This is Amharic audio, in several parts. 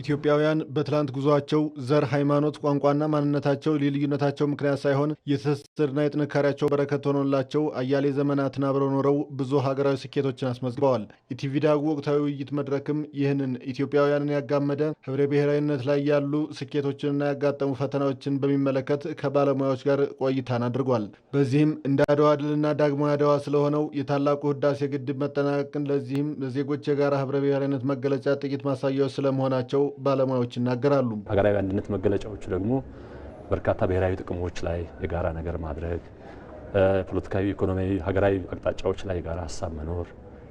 ኢትዮጵያውያን በትላንት ጉዟቸው ዘር፣ ሃይማኖት፣ ቋንቋና ማንነታቸው ልዩነታቸው ምክንያት ሳይሆን የትስስርና የጥንካሬያቸው በረከት ሆኖላቸው አያሌ ዘመናትን አብረው ኖረው ብዙ ሀገራዊ ስኬቶችን አስመዝግበዋል። ኢቲቪ ዳጉ ወቅታዊ ውይይት መድረክም ይህንን ኢትዮጵያውያንን ያጋመደ ህብረ ብሔራዊነት ላይ ያሉ ስኬቶችንና ያጋጠሙ ፈተናዎችን በሚመለከት ከባለሙያዎች ጋር ቆይታን አድርጓል። በዚህም እንደ አድዋ ድልና ዳግማዊ አድዋ ስለሆነው የታላቁ ህዳሴ ግድብ መጠናቀቅን፣ ለዚህም ለዜጎች የጋራ ህብረ ብሔራዊነት መገለጫ ጥቂት ማሳያዎች ስለመሆናቸው መሆናቸው ባለሙያዎች ይናገራሉ። ሀገራዊ አንድነት መገለጫዎቹ ደግሞ በርካታ ብሔራዊ ጥቅሞች ላይ የጋራ ነገር ማድረግ፣ ፖለቲካዊ፣ ኢኮኖሚያዊ፣ ሀገራዊ አቅጣጫዎች ላይ የጋራ ሀሳብ መኖር፣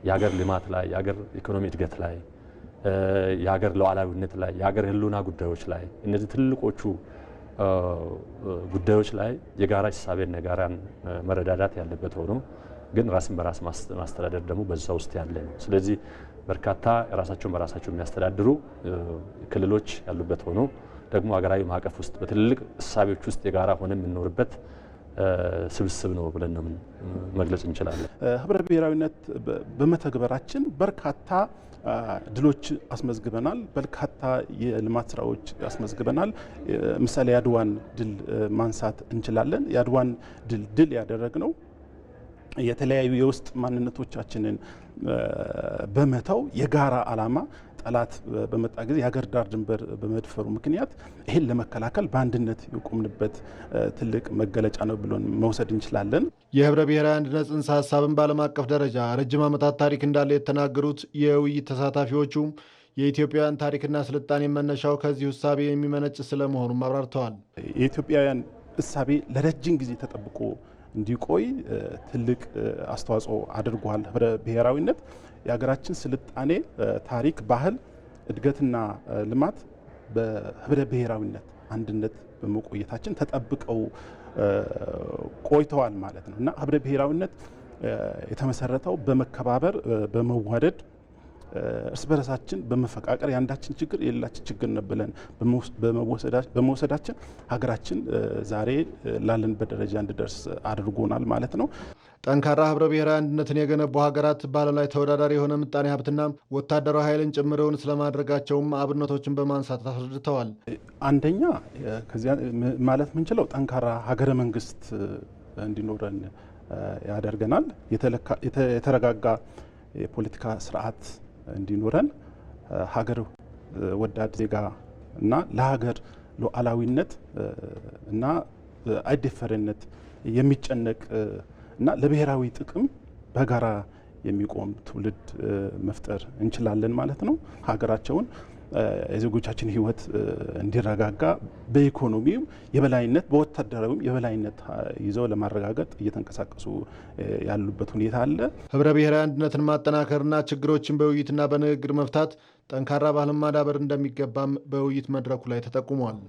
የሀገር ልማት ላይ፣ የሀገር ኢኮኖሚ እድገት ላይ፣ የሀገር ሉዓላዊነት ላይ፣ የሀገር ህልውና ጉዳዮች ላይ እነዚህ ትልቆቹ ጉዳዮች ላይ የጋራ እሳቤና የጋራን መረዳዳት ያለበት ሆኖ ግን ራስን በራስ ማስተዳደር ደግሞ በዛ ውስጥ ያለ ነው። ስለዚህ በርካታ ራሳቸውን በራሳቸው የሚያስተዳድሩ ክልሎች ያሉበት ሆኖ ደግሞ ሀገራዊ ማዕቀፍ ውስጥ በትልልቅ እሳቤዎች ውስጥ የጋራ ሆነ የምንኖርበት ስብስብ ነው ብለን ነው መግለጽ እንችላለን። ህብረ ብሔራዊነት በመተግበራችን በርካታ ድሎች አስመዝግበናል። በርካታ የልማት ስራዎች አስመዝግበናል። ምሳሌ የአድዋን ድል ማንሳት እንችላለን። የአድዋን ድል ድል ያደረግነው የተለያዩ የውስጥ ማንነቶቻችንን በመተው የጋራ ዓላማ ጠላት በመጣ ጊዜ የሀገር ዳር ድንበር በመድፈሩ ምክንያት ይህን ለመከላከል በአንድነት የቆምንበት ትልቅ መገለጫ ነው ብሎን መውሰድ እንችላለን። የህብረ ብሔራዊ አንድነት ጽንሰ ሀሳብን በዓለም አቀፍ ደረጃ ረጅም ዓመታት ታሪክ እንዳለ የተናገሩት የውይይት ተሳታፊዎቹ የኢትዮጵያውያን ታሪክና ስልጣኔ መነሻው ከዚህ እሳቤ የሚመነጭ ስለመሆኑም አብራርተዋል። የኢትዮጵያውያን እሳቤ ለረጅም ጊዜ ተጠብቆ እንዲቆይ ትልቅ አስተዋጽኦ አድርጓል። ህብረ ብሔራዊነት የሀገራችን ስልጣኔ፣ ታሪክ፣ ባህል፣ እድገትና ልማት በህብረ ብሔራዊነት አንድነት በመቆየታችን ተጠብቀው ቆይተዋል ማለት ነው እና ህብረ ብሔራዊነት የተመሰረተው በመከባበር በመዋደድ እርስ በርሳችን በመፈቃቀር የአንዳችን ችግር የሌላችን ችግር ነው ብለን በመውሰዳችን ሀገራችን ዛሬ ላለንበት ደረጃ እንድደርስ አድርጎናል ማለት ነው። ጠንካራ ህብረ ብሔራዊ አንድነትን የገነቡ ሀገራት በዓለም ላይ ተወዳዳሪ የሆነ ምጣኔ ሀብትና ወታደራዊ ኃይልን ጭምረውን ስለማድረጋቸውም አብነቶችን በማንሳት አስረድተዋል። አንደኛ ከዚያ ማለት የምንችለው ጠንካራ ሀገረ መንግስት እንዲኖረን ያደርገናል። የተረጋጋ የፖለቲካ ስርዓት እንዲኖረን ሀገር ወዳድ ዜጋ እና ለሀገር ሉዓላዊነት እና አይደፈርነት የሚጨነቅ እና ለብሔራዊ ጥቅም በጋራ የሚቆም ትውልድ መፍጠር እንችላለን ማለት ነው። ሀገራቸውን የዜጎቻችን ህይወት እንዲረጋጋ በኢኮኖሚም የበላይነት በወታደራዊም የበላይነት ይዘው ለማረጋገጥ እየተንቀሳቀሱ ያሉበት ሁኔታ አለ። ህብረ ብሔራዊ አንድነትን ማጠናከርና ችግሮችን በውይይትና በንግግር መፍታት ጠንካራ ባህልን ማዳበር እንደሚገባም በውይይት መድረኩ ላይ ተጠቁሟል።